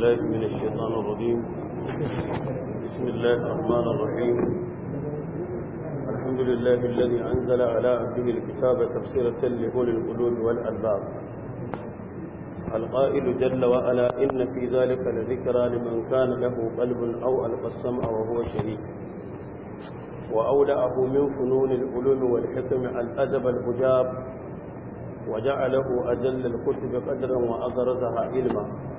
بالله من الشيطان الرجيم بسم الله الرحمن الرحيم الحمد لله الذي أنزل على عبده الكتاب تفسيرة لكل القلوب والألباب القائل جل وعلا إن في ذلك لذكرى لمن كان له قلب أو ألقى السمع وهو شريك وأولأه من فنون العلوم والحكم الأدب الحجاب وجعله أجل الكتب قدرا وأبرزها علما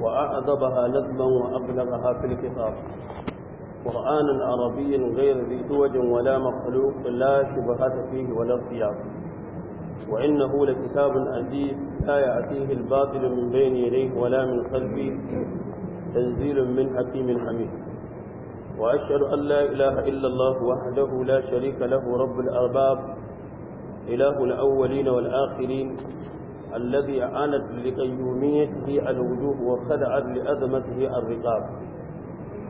وأعذبها لذبا وأبلغها في الكتاب قرآن عربي غير ذي توج ولا مخلوق لا شبهة فيه ولا ارتياب وإنه لكتاب عزيز لا يأتيه الباطل من بين يديه ولا من خلفه تنزيل من حكيم حميد وأشهد أن لا إله إلا الله وحده لا شريك له رب الأرباب إله الأولين والآخرين الذي عانت لقيوميته الوجوه وخدعت لأزمته الرقاب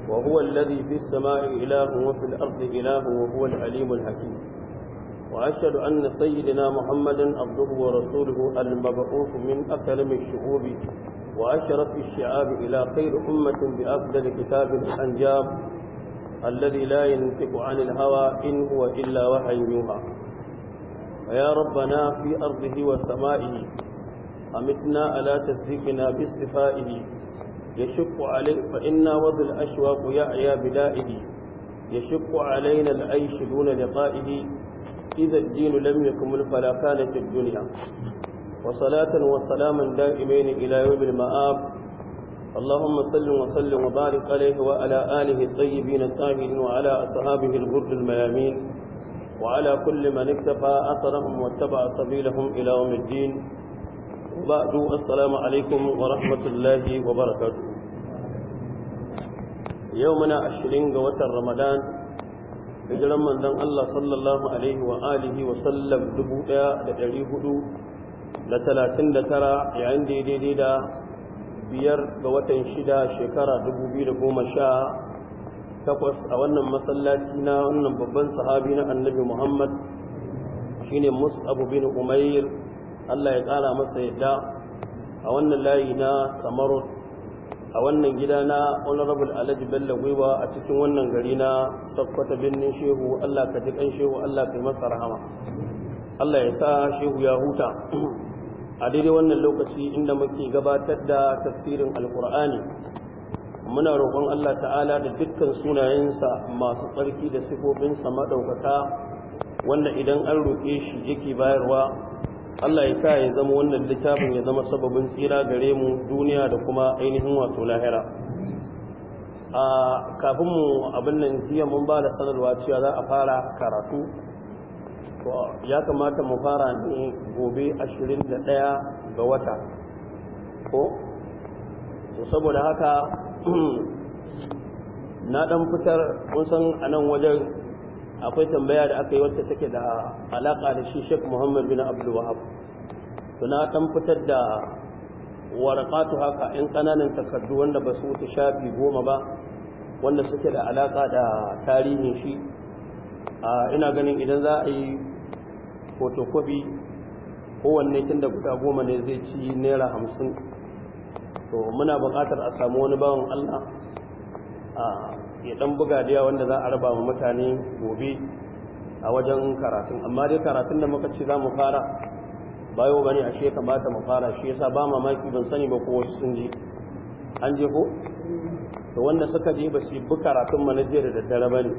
وهو الذي في السماء إله وفي الأرض إله وهو العليم الحكيم وأشهد أن سيدنا محمدا عبده ورسوله المبعوث من أكرم الشعوب وأشرف الشعاب إلى خير أمة بأفضل كتاب الأنجاب الذي لا ينطق عن الهوى إن هو إلا وحي يوحى فيا ربنا في أرضه وسمائه أمتنا على تصديقنا باستفائه يشق علي فإنا وذو الأشواق يعيا بدائه يشق علينا العيش دون لقائه إذا الدين لم يكمل فلا كانت الدنيا وصلاة وسلاما دائمين إلى يوم المآب اللهم صل وسلم وبارك عليه وعلى آله الطيبين الطاهرين وعلى أصحابه الغر الميامين وعلى كل من اكتفى أثرهم واتبع سبيلهم إلى يوم الدين بعد السلام عليكم ورحمة الله وبركاته يومنا عشرين قوة رمضان hijiran manzon Allah sallallahu alaihi wa alihi wa sallam 1439 yayin da daidai da biyar ga watan shida shekara takwas, a wannan masallaci na wannan babban sahabi na annabi Muhammad shine Mus'ab bin Umair Allah ya ƙara masa yadda a wannan layi na samaru. a wannan gida na honorable alhaji bello gwiwa a cikin wannan gari na sakkwata birnin shehu allah ka ji kan shehu allah ka yi masa rahama allah ya sa shehu ya huta a daidai wannan lokaci inda muke gabatar da tafsirin alkur'ani muna roƙon allah ta'ala da dukkan sunayensa masu tsarki da sifofinsa maɗaukaka wanda idan an roƙe shi yake bayarwa Allah ya sa ya zama wannan littafin ya zama sababin tsira gare mu duniya da kuma ainihin wato lahira a kafin mu abin nan jiya mun ba da sanarwa cewa za a fara karatu ya kamata mu fara ne gobe 21 ga wata ko saboda haka na dan fitar kun san anan wajen akwai tambaya da aka yi wacce take da alaka da shi Sheikh Muhammad bin Abdul Wahab to na tan fitar da warqatu haka in kananan takardu wanda ba su wuce shafi goma ba wanda suke da alaka da tarihin shi ina ganin idan za a yi photocopy kowanne tun da guda goma ne zai ci naira hamsin to muna buƙatar a samu wani bawan Allah ya dan buga da wanda za a raba wa mutane gobe a wajen karatun amma dai karatun da muka ce za mu fara bayo bane ashe kamata mu fara shi yasa ba mamaki ban sani ba ko wasu sun ji an je ko to wanda suka je ba su bi karatun manajer da daddare ba ne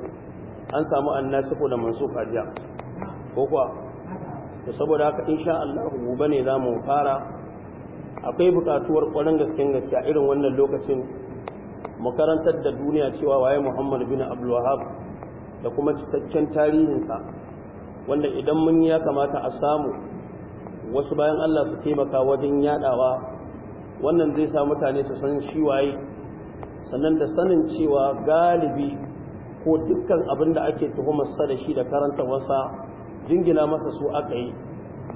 an samu ko da masu ajiya ko kuwa to saboda haka insha Allah gobe ne za mu fara akwai bukatuwar kwarin gaske-gaske gaskiya irin wannan lokacin makarantar da duniya cewa waye muhammad bin abdulwahab da kuma cikakken tarihinsa wanda idan mun ya kamata a samu wasu bayan allah su taimaka wajen yadawa wannan zai sa mutane su san shi waye sannan da sanin cewa galibi ko dukkan abin da ake tuhumarsa da shi da karanta wasa jingina masa su aka yi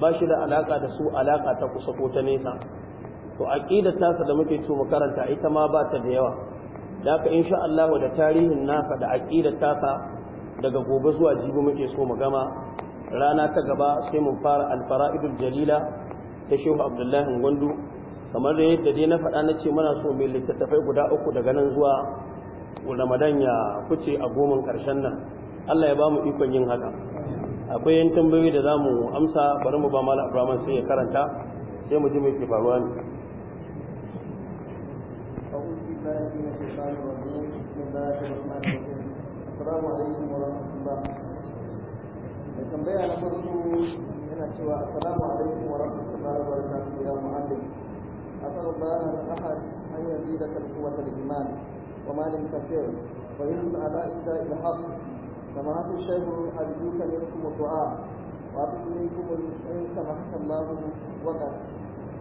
ba shi da alaka da su alaka ta kusa ko ta nesa to aqidar tasa da muke so mu karanta ita ma ba ta da yawa da haka insha Allah da tarihin nasa da aqidar tasa daga gobe zuwa jibi muke so mu gama rana ta gaba sai mun fara al-fara'idul jalila ta Shehu Abdullahi Gwandu kamar da yadda dai na faɗa na ce muna so mai littattafai guda uku daga nan zuwa Ramadan ya kuce a goman ƙarshen nan Allah ya ba mu ikon yin haka akwai yan tambayoyi da za mu amsa bari mu ba mala Abraman sai ya karanta sai mu ji mai ke faruwa ne da tambaya na farko yana cewa assalamu alaikum wa rahmatullahi wa ya mu'allim asal Allah ahad an yazida kal quwwata lil iman wa ma kafir wa yusal ala ida il haq kama hatu shaykhu arjuka minkum du'a wa atuku minkum al kama hatu Allah wa qad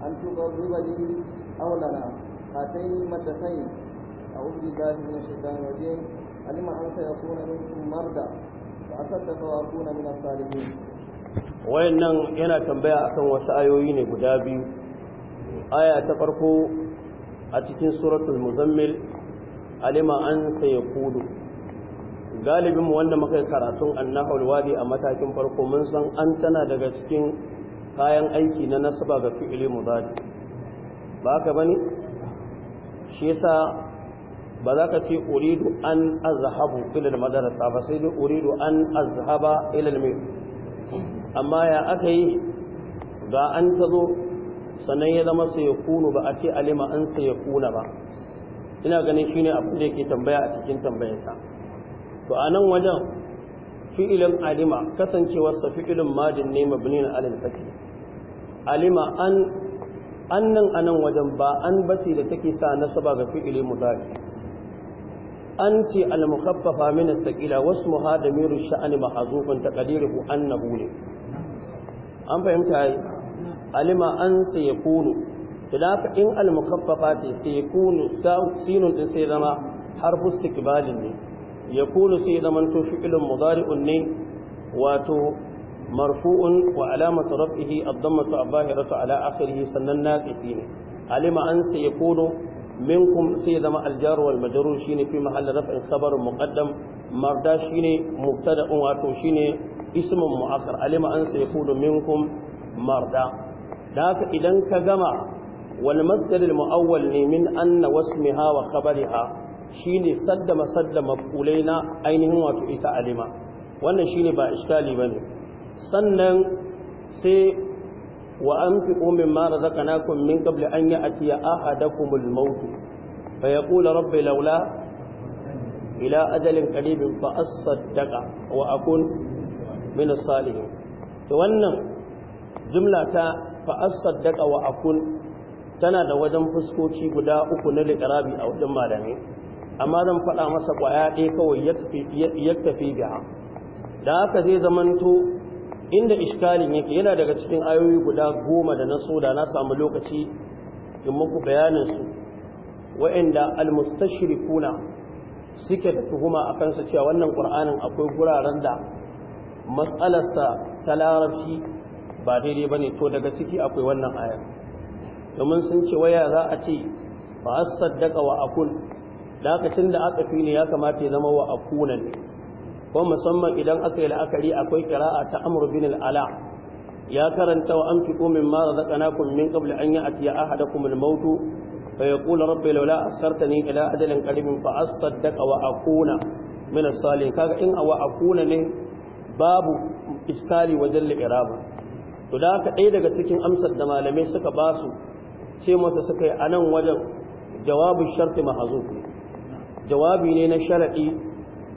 an tughribani aw aulana هاتين المدتين أعوذ بالله من الشيطان الرجيم علم أن سيكون منكم مرضى وأصدق وأكون من الصالحين wayannan yana tambaya akan wasu ayoyi ne guda biyu aya ta farko a cikin suratul muzammil alima an sai kudu galibinmu wanda muka yi karatun annahul wadi a matakin farko mun san an tana daga cikin kayan aiki na nasaba ga fi'ili mudari ba haka bane shi yasa ba za ka ce uridu an azhabu ila madarasa ba sai dai uridu an azhaba al-mi amma ya aka yi ga an ta zo sannan ya zama sai ya ba a ce alima an sai ya kuna ba ina ganin shi ne da yake tambaya a cikin tambayarsa to a nan wajen fi'ilin alima kasancewarsa fi'ilin madin ne mabni na alil alima an annan anan wajen ba an bace da take sa nasaba ga fi'ili mudari an ce al-mukaffafa min al-thaqila hada miru sha'ani mahzufun taqdiruhu annahu li an fahimta ai alima an sai yakunu to da in al-mukaffafa ta sai yakunu sinun din sai zama harfu istiqbalin ne yakunu sai zaman to fi'ilun mudari'un ne wato marfu'un wa alamatu raf'ihi ad-dammatu abahiratu ala akhirih sannan naqifi ne alima an sai ya kodo minkum sai ya zama aljar wal majrur shine fi mahalli raf'in khabar muqaddam marda shine mubtada'un wato shine ismun mu'akhar alima an sai ya kodo minkum marda idan ka gama wani masdar al mu'awwal ne min anna wasmiha wa khabariha shine sadda ainihin wato ita alima wannan shine ba iskali ne. sannan sai wa an fi ƙomin mara zaka na min kabli an yi a tiya ahadakumul mautu fa ya kula rabbi laula ila ajalin ƙaribin fa daga wa akun min salihin to wannan jumla ta fa daga wa akun tana da wajen fuskoci guda uku na likarabi a wajen malamai amma zan faɗa masa ƙwaya ɗaya kawai ya tafi biya da haka zai zamanto inda iskalin yake yana daga cikin ayoyi guda goma da na so da na samu lokaci in muku bayanin su wa'inda almustashrikuna suke da tuhuma a kansu cewa wannan ƙur'anin akwai guraren da matsalarsa ta larabci ba daidai ba ne to daga ciki akwai wannan ayar domin sun ce waya za a ce ba a saddaka wa akun da aka tun da aka fi ne ya kamata ya zama wa akunan ko musamman idan aka yi la'akari akwai kira'a ta amr bin ala ya karanta wa anfiqu mimma razaqnakum min qabli an ya'tiya ahadakum al mautu. fa yaqulu rabbi laula akhartani ila ajalin qaribin fa asaddaqa wa akuna min as kaga in awa ne babu iskali wajen li'iraba to da aka ɗaya daga cikin amsar da malamai suka basu ce masa suka yi anan wajen jawabin sharti mahazu jawabi ne na sharaɗi.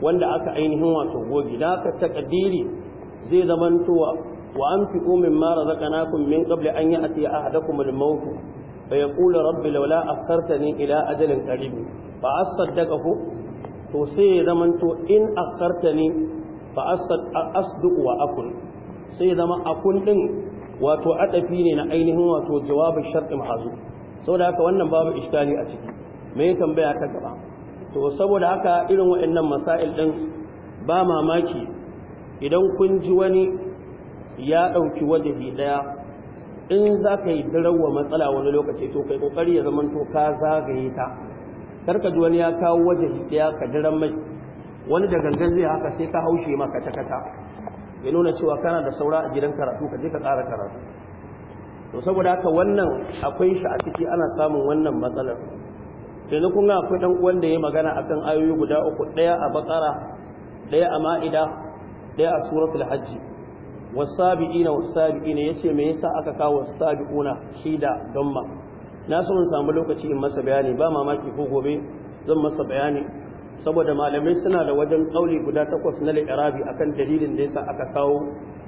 wanda aka ainihin wato gobe da aka takadiri zai zamantowa wa zaka na kun min qabli an ya'tiya ahadakum al-maut fa kula rabbi laula ne ila ajalin a fa asaddaqahu to sai zamanto in ba a asduq wa akun sai zama akun din wato adafi ne na ainihin wato jawabin sharin mahazu saboda haka wannan babu iskali a ciki me tambaya ta gaba to saboda haka irin waɗannan masail ɗin ba mamaki idan kun ji wani ya ɗauki bi ɗaya in za ka yi dirawa matsala wani lokaci to kai ƙoƙari ya zama to ka zagaye ta karka ji wani ya kawo wajahi ɗaya ka diran mai wani da gangan zai haka sai ka haushe maka kata-kata ya nuna cewa kana da saura a gidan karatu ka je ka ƙara karatu to saboda haka wannan akwai shi a ciki ana samun wannan matsalar yanzu kun ga akwai dan uwan da ya magana akan ayoyi guda uku ɗaya a bakara daya a ma'ida daya a suratul hajji wasabi'ina wasabi'ina yace me yasa aka kawo wasabi'una shida damma na so in lokaci in masa bayani ba mamaki ko gobe zan masa bayani saboda malamai suna da wajen kauli guda takwas na al-irabi akan dalilin da ya sa aka kawo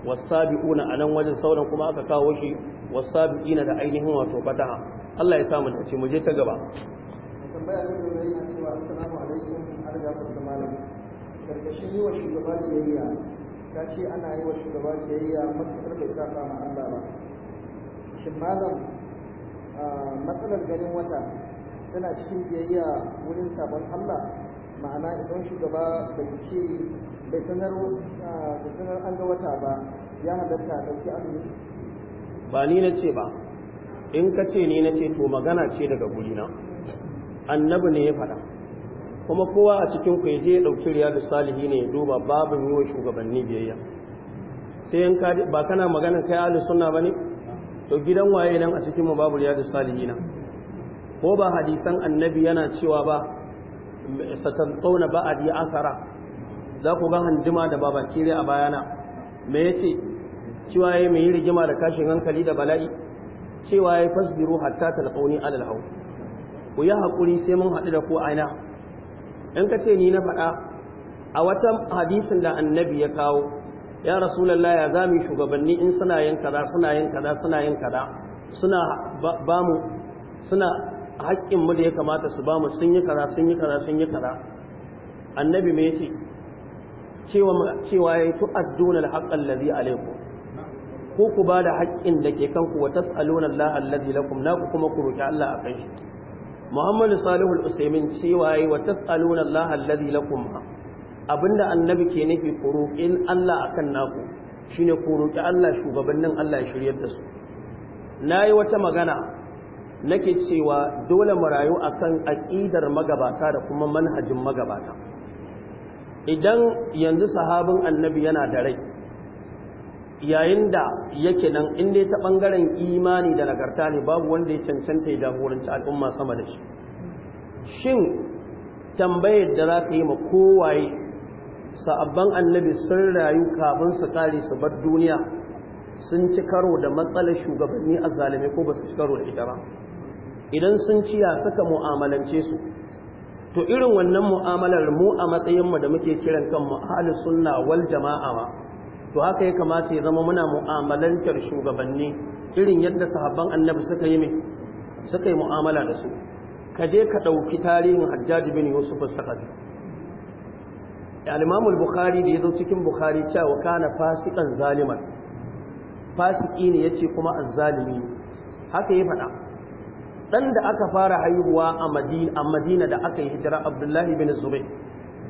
wasabi'una anan wajen sauran kuma aka kawo shi wasabi'ina da ainihin wato fataha Allah ya samu dace mu je ta gaba tambaya ta da yana cewa assalamu alaikum alga ta malam karkashin yi wa shugaba biyayya ta ce ana yi wa shugaba biyayya matuƙar bai saba ma Allah ba shin malam matsalar ganin wata tana cikin biyayya wurin sabon Allah ma'ana idan shugaba bai ce bai sanar an ga wata ba ya halatta ɗauki azumi ba ni na ce ba in ka ce ni na ce to magana ce daga gurina annabi ne ya faɗa kuma kowa a cikin ku je ɗauki riyadu salihi ne ya duba babu yi wa shugabanni biyayya sai yanka ba kana magana kai ahli sunna bane to gidan waye nan a cikin mu babu riyadu salihi na ko ba hadisan annabi yana cewa ba satan a diya asara za ku ga handima da baba kire a bayana me yace cewa yayi mai rigima da kashin hankali da bala'i cewa yayi fasbiru hatta talqauni alal hawl ku yi haƙuri sai mun haɗu da ku aina in ka ce ni na faɗa a wata hadisin da annabi ya kawo ya rasulallah ya zami shugabanni in suna yin kaza suna yin kaza suna yin kaza suna ba mu suna haƙƙin mu da ya kamata su ba mu sun yi kaza sun yi kaza sun yi kaza annabi me yace cewa cewa yayi tu'adduna al-haqqa allazi alaykum ko ku ba da haƙƙin da ke kanku wa tas'aluna allaha allazi lakum ku kuma ku roki Allah a kai shi muhammadu salihu usaimin cewa yi wa tas'aluna Allah allazi lakum abinda annabi ke nufi ku Allah Allah kan naku shine ne roƙi Allah shugabannin Allah ya shirya da su Na yi wata magana nake cewa dole mu rayu kan aƙidar magabata da kuma manhajin magabata idan yanzu sahabin annabi yana da rai yayin da yake nan in dai ta bangaren imani da nagarta ne babu wanda ya cancanta ya jagoranci al'umma sama da shi shin tambayar da za ka yi ma kowaye sa'abban annabi sun rayu kafin su kare su bar duniya sun ci karo da matsalar shugabanni a zalime ko ba su ci karo da ita ba idan sun ya saka mu'amalance su to irin wannan mu'amalar mu a matsayinmu da muke kiran kan ahlus sunna wal jama'a ma to haka ya kamata ya zama muna mu'amalantar shugabanni irin yadda sahabban annabi suka yi suka mu'amala da su ka je ka ɗauki tarihin hajjaji bin yusuf sakafi al-imam bukhari da ya zo cikin bukhari cewa kana fasikan zaliman fasiki ne ya ce kuma azzalimi haka ya faɗa dan da aka fara haihuwa a madina da aka yi hijira abdullahi bin zubair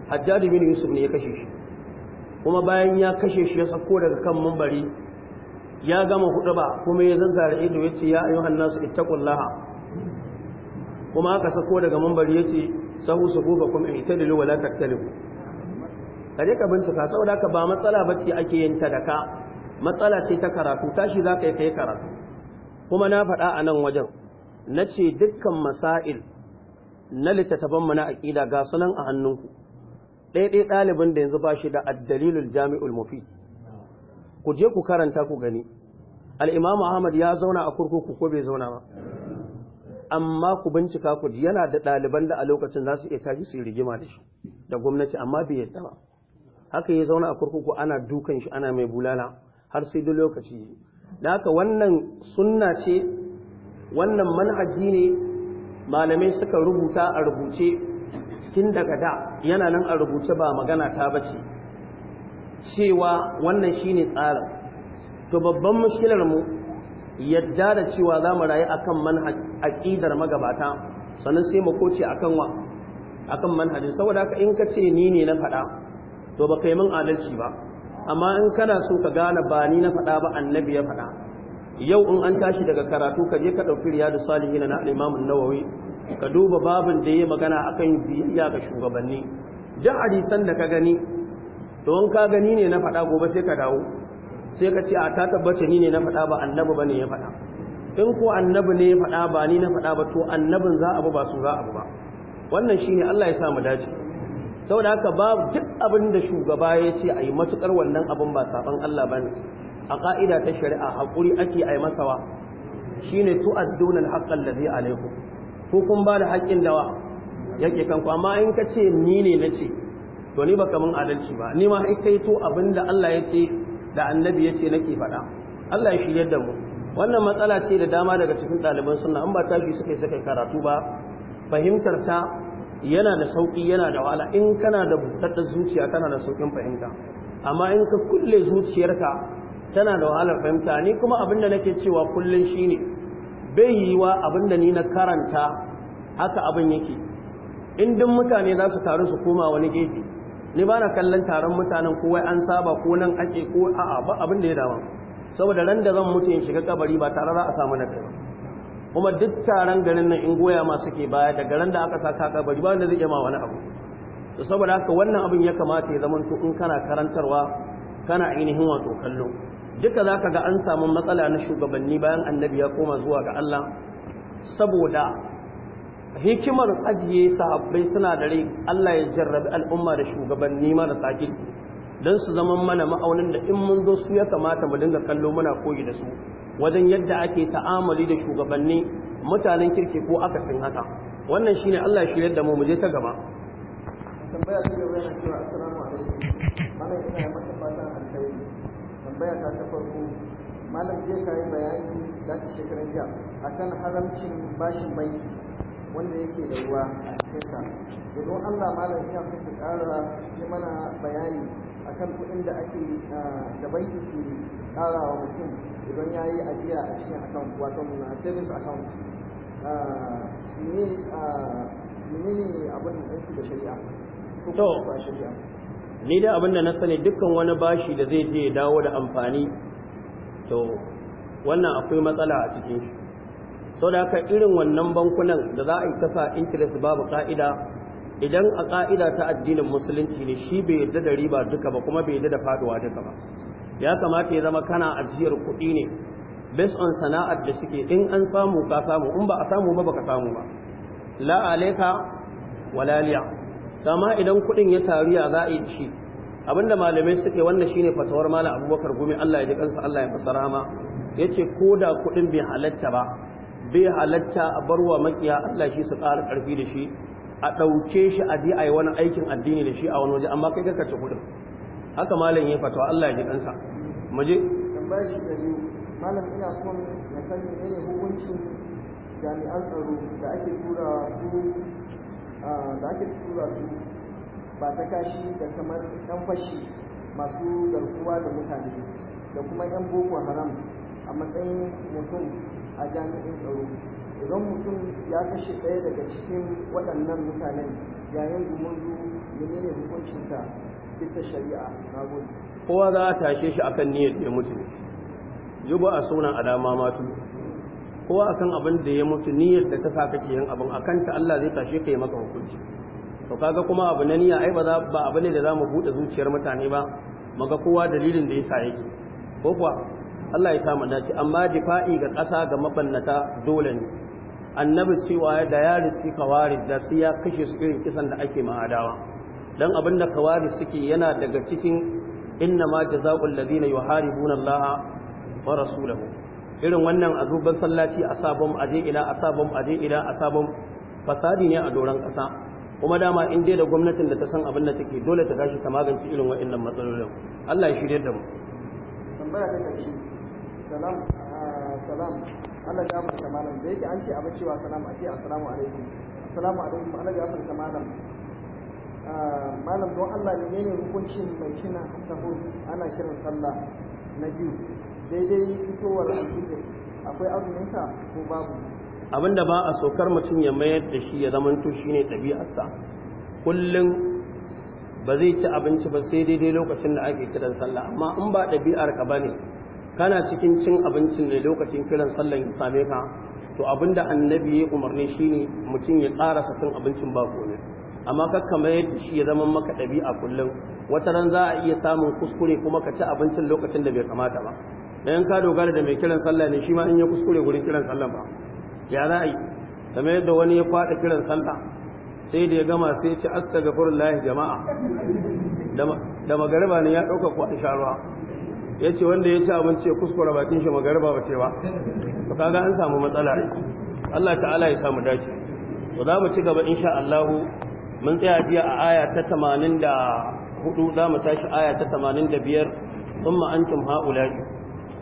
hajjaji bin yusuf ne ya kashe shi kuma bayan ya kashe shi ya sako daga kan mambari, ya gama hudu ba kuma ya da ido ya ce ya ayyuhan nasu ittaqullaha kuma aka sako daga mambari ya ce sahu subufakum ihtadilu wa la kare ka bincika saboda ka ba matsala bace ake yin ta da ka matsala ce ta karatu tashi zaka yi kai karatu kuma na faɗa a nan wajen na ce dukkan masail na littattafan mana aƙida ga sunan a hannunku ɗaya ɗalibin da yanzu ba shi da addalilul jami'ul mufi ku je ku karanta ku gani al'imam ahmad ya zauna a kurkuku ko bai zauna ba amma ku bincika ku yana da ɗaliban da a lokacin za su iya tashi su rigima da shi da gwamnati amma bai yadda ba haka ya zauna a kurkuku ana dukan shi ana mai bulala har sai da lokaci da haka wannan sunna ce wannan manhaji ne malamai suka rubuta a rubuce tun daga da yana nan a rubuce ba magana ta bace cewa wannan shine tsarin to babban mushkilar mu yadda da cewa za mu rayu akan manhaj magabata sannan sai mu koce akan wa akan manhajin saboda haka in ka ce ni ne na faɗa to ba kai min adalci ba amma in kana so ka gane ba ni na faɗa ba annabi ya faɗa yau in an tashi daga karatu ka je ka ɗauki riyadu salihin na al-imam an-nawawi ka duba babin da ya magana akan biyayya ga shugabanni duk hadisan da ka gani don ka gani ne na faɗa gobe sai ka dawo sai ka ce a ta tabbata ni ne na faɗa ba annabi ne ya faɗa in ko annabi ne ya faɗa ba ni na faɗa ba to annabin za a bu ba su za a bu ba wannan shi ne Allah ya sa mu dace saboda haka babu duk abin da shugaba ya ce a yi matuƙar wannan abin ba sabon Allah bane a ka'ida ta shari'a hakuri ake ayi masa wa shine tu'adduna haƙƙan da zai alaykum ko kun ba da haƙƙin dawa yake kanku amma in ka ce ni ne na ce to ni baka min adalci ba ni ma in kai to abin da Allah ya ce da annabi ya ce nake faɗa Allah ya shirya da mu wannan matsala ce da dama daga cikin ɗaliban sunna an ba fi suka yi suka karatu ba fahimtar ta yana da sauƙi yana da wahala in kana da buƙatar zuciya kana da sauƙin fahimta amma in ka kulle zuciyarka tana da wahalar fahimta ni kuma abin da nake cewa kullum shine bai yi abin abinda ni na karanta haka abin yake in mutane za su taru su koma wani gefe ni ba na kallon taron mutanen ko wai an saba ko nan ake ko a'a ba abin da ya dawa saboda ran da zan mutu in shiga kabari ba tare za a samu na kai kuma duk taron garin nan in goya ma suke baya daga ran da aka ka kabari ba wanda zai yi ma wani abu to saboda haka wannan abin ya kamata ya zama to in kana karantarwa kana ainihin wato kallo duka za ka ga an samu matsala na shugabanni bayan annabi ya koma zuwa ga Allah saboda hikimar ajiye sahabbai suna da rai Allah ya jarrabi al'umma da shugabanni marasa kirki don su zama mana ma'aunin da in mun zo su ya kamata mu dinga kallo muna koyi da su wajen yadda ake ta'amali da shugabanni mutanen kirki ko akasin haka wannan shine Allah ya shirya da mu mu je ta gaba tambaya ta ta farko malam zai kayi bayani da ta shekaran jiya A kan haramcin bashin banki wanda yake da ruwa a cikinsa don allah malam ya fi ƙara yi mana bayani a kan kuɗin da ake da banki ke ƙara wa mutum idan ya yi ajiya a cikin akan wato na savings account ne ne abin da da shari'a ko ba shari'a ni da abinda na sani dukkan wani bashi da zai je dawo da amfani to wannan akwai matsala a cikin shi sau da haka irin wannan bankunan da za a yi kasa interest babu ka'ida idan a ka'ida ta addinin musulunci ne shi bai yadda da riba duka ba kuma bai yadda da faduwa duka ba ya kamata ya zama kana ajiyar kuɗi ne based on sana'ar da suke in an samu ka samu in ba a samu ba baka samu ba la alaika walaliya dama idan kuɗin ya taru ya za a yi shi abinda malamai suke wannan shine fatawar malam abubakar gumi Allah ya ji kansa Allah ya masa rahama yace ko da kuɗin bai halatta ba bai halatta a barwa makiya Allah shi su ƙara ƙarfi da shi a ɗauke shi a je a yi wani aikin addini da shi a wani waje amma kai ka ci kuɗin haka malam ya fatawa Allah ya ji kansa mu je da malam ina son na sani ne hukuncin jami'an tsaro da ake tura. su da ake tura su ba ta kashi da kamar yan fashi masu garkuwa da mutane da kuma yan boko haram a matsayin mutum a jami'in tsaro idan mutum ya kashe ɗaya daga cikin waɗannan mutanen yayin gumurzu menene hukuncinsa bisa shari'a na kowa za a tashe shi akan niyyar mutu mutum yuba a sunan alama matu kowa akan abin da ya mutu niyyar da ta sa kake yin abin akan ta Allah zai tashe ka yi maka hukunci to kaga kuma abu na niyya ai ba ba abu ne da zamu bude zuciyar mutane ba maga kowa dalilin da yasa yake ko kuwa Allah ya sa mu dace amma difa'i ga ƙasa ga mabannata dole ne annabi cewa da ya risi kawari da sai ya kashe su irin kisan da ake ma'adawa dan abin da kawari suke yana daga cikin innama jazaa'ul ladina yuharibuna Allah wa rasulahu irin wannan a zuban sallaci a sabon aje ila a sabon aje ila a sabon fasadi ne a doron ƙasa kuma dama in dai da gwamnatin da ta san abin da take dole ta tashi ta magance irin wa'annan matsalolin Allah ya shirye da mu tambaya ta kashi salam ah, salam Allah ya mutu malam da yake an ce abin cewa salam a ce assalamu alaikum assalamu alaikum Allah ya mutu malam ah, malam don Allah ne ne hukuncin mai kina sahur ana shirin sallah na biyu daidai fitowar alfijir akwai azuminsa ko babu abinda ba a saukar mutum ya mayar da shi ya zamanto ne ɗabi'arsa kullum ba zai ci abinci ba sai daidai lokacin da ake kiran sallah amma in ba ɗabi'ar ka ne, kana cikin cin abincin ne lokacin kiran sallah ya same ka to abinda annabi ya umarni shi ne, mutum ya karasa cin abincin ba komai amma kakka mayar da shi ya zama maka ɗabi'a kullum wata ran za a iya samun kuskure kuma ka ci abincin lokacin da bai kamata ba 'yan ka dogara da mai kiran sallah ne shi ma in ya kuskure gurin kiran sallah ba ya za a yi kamar yadda wani ya faɗa kiran sallah sai da ya gama sai ya ci astaghfirullah jama'a da magariba ne ya dauka kwada sharuwa ya ce wanda ya ci abinci ya kuskura bakin shi magariba ba ce ba to kaga an samu matsala Allah ta'ala ya samu dace to za mu ci gaba insha Allah mun tsaya biya a aya ta 84 za mu tashi aya ta 85 thumma antum haula'i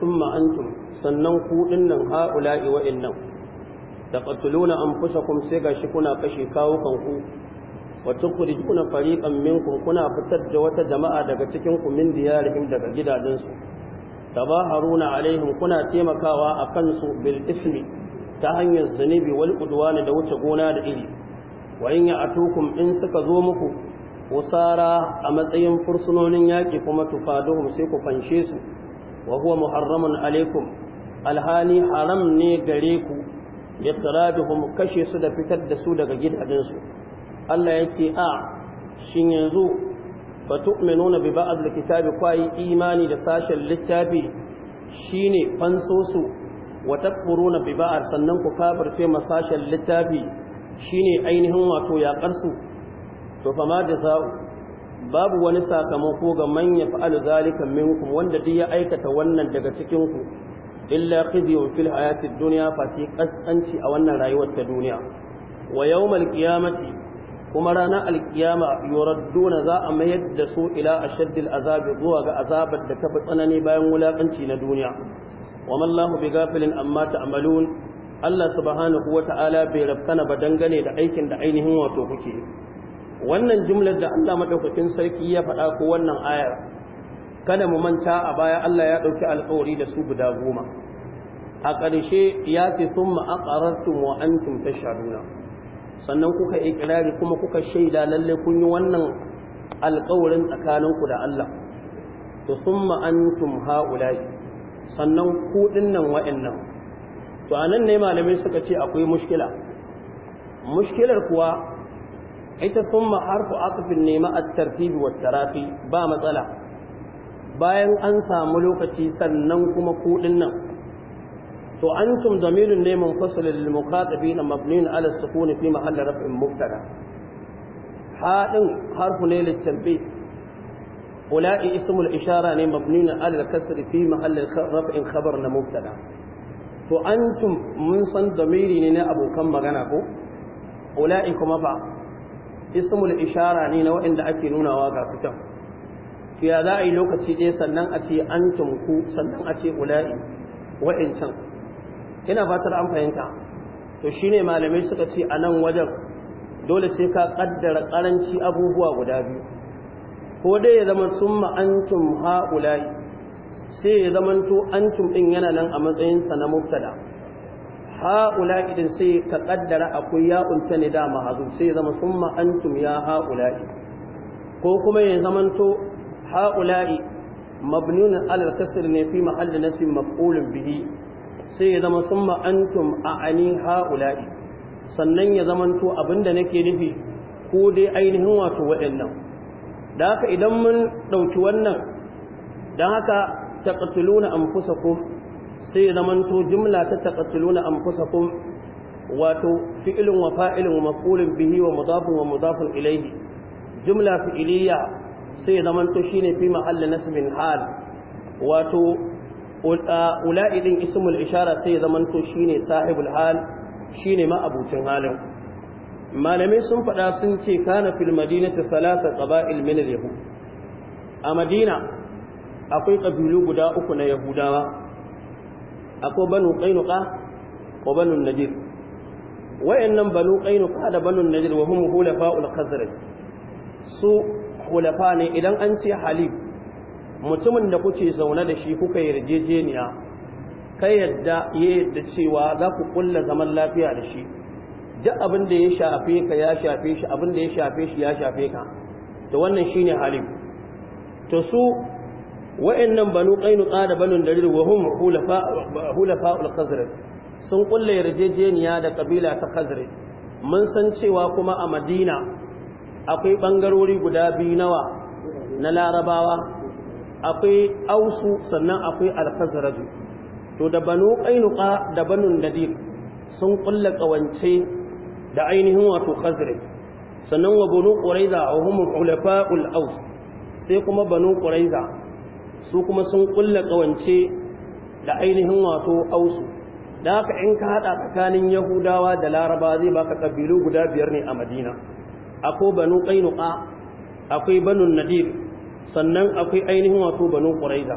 thumma antum sannan ku dinnan haula'i wa innam fasa anfusakum sai gashi kuna kashe kawo kanku wa tukhrijuna fariqan minkum kuna fitar da wata jama'a daga cikin ku min diyarihim daga gidajensu tabaharuna alaihim kuna taimakawa akan su bil ismi ta hanyar zunubi wal udwana da wuce gona da iri wa in ya'tukum in suka zo muku usara a matsayin fursunonin yaƙi kuma tufaduhum sai ku fanshe su wa huwa muharramun alaikum alhali haram ne gare ku mu kashe su da fitar da su daga gidajensu Allah ce a shin yanzu fa tu'minuna bi ba'd al-kitabi kwai imani da sashen littafi shine fansosu wa takfuruna bi ba'd sannan ku kafirce ma sashen littafi shine ainihin wato yaƙarsu to fa ma jaza'u babu wani sakamako ga manya yaf'alu zalika minku wanda duk ya aikata wannan daga cikin illa khizyun fil hayati dunya fa fi kasanci a wannan rayuwar ta duniya wa yawmal qiyamati kuma ranar alkiyama yuradduna za a mayar da su ila shaddil azabi zuwa ga azabar da ta tsanani bayan wulakanci na duniya wa mallahu bighafilin amma ta'malun Allah subhanahu wata'ala bai rabkana ba dangane da aikin da ainihin wato kuke wannan jumlar da Allah madaukakin sarki ya faɗa ko wannan ayar kada mu manta a baya Allah ya ɗauki alƙawari da su guda goma a ƙarshe ya fi sun ma'aƙarartun wa an tumta sharuna sannan kuka ikirari kuma kuka shaida lallai kun yi wannan alƙawarin tsakaninku da Allah to sun ma'antum ha'ulai sannan kuɗin nan wa'annan to a nan ne malamai suka ce akwai mushkila mushkilar kuwa ita thumma harfu atfin ne ma at wa tarafi ba matsala bayan an samu lokaci sannan kuma kudin nan to antum damirun ne munfasil lil muqatabin mabniun ala sukun fi mahall raf'in mubtada hadin harfu ne lit tanbih أولئك اسم الإشارة مبني على الكسر في محل رفع خبر mun san من ne na abokan magana ko? مغنى kuma ba. ismul ishara ne na waɗanda ake nunawa ga su can to ya za a yi lokaci ɗaya sannan a ce an sannan a ce ula'i wa'incan ina fatar an fahimta to shine malamai suka ce a nan wajen dole sai ka kaddara karanci abubuwa guda biyu ko dai ya zama summa antum ha'ula'i sai ya zama to antum din yana nan a matsayinsa na mubtada ha'ula idan sai ka kaddara akwai ya unta ne da mahazu sai zama summa antum ya ha'ula'i ko kuma ya zamanto ha'ula'i mabnun alal kasr ne fi mahalli nasb maf'ulun bihi sai ya zama summa antum ani ha'ula'i sannan ya zamanto abinda nake nufi ko dai ainihin wato waɗannan da haka idan mun ɗauki wannan don haka taqtuluna anfusakum sai zamanto jumla ta taqatiluna kun, wato fi'ilun wa fa'ilun wa maf'ulun bihi wa mudafun wa mudafun ilaihi, jumla fi'iliya sai zamanto ne fi na simin hal wato ula'i din ismul ishara sai zamanto shine sahibul hal shi ne abucin halin malamai sun faɗa sun ce kana fil madinati ta qaba'il min ilmin yahud a madina akwai ƙabilu guda uku na yahudawa akwai banu qainuqa wa banu Najir wayannan banu qainuqa da banu najir wa hum hulafa'ul khazraj su hulafa ne idan an ce halif mutumin da kuke zaune da shi kuka yarjejeniya kai yadda ya yadda cewa za ku kulla zaman lafiya da shi duk abin da ya shafe ka ya shafe shi abin da ya shafe shi ya shafe ka to wannan shine halif to su wa'annan banu qainuqa da banu darir wa hum hulafa hulafa al-khazraj sun kulle yarjejeniya da kabila ta khazraj mun san cewa kuma a madina akwai bangarori guda biyu nawa na larabawa akwai ausu sannan akwai al-khazraj to da banu qainuqa da banu darir sun kulle kawance da ainihin wato khazraj sannan wa banu qurayza wa hum al aus sai kuma banu qurayza su kuma sun kulla kawance da ainihin wato ausu da haka in ka hada tsakanin yahudawa da laraba zai baka kabilu guda biyar ne a madina akwai banu qainuqa akwai banu nadir sannan akwai ainihin wato banu quraiza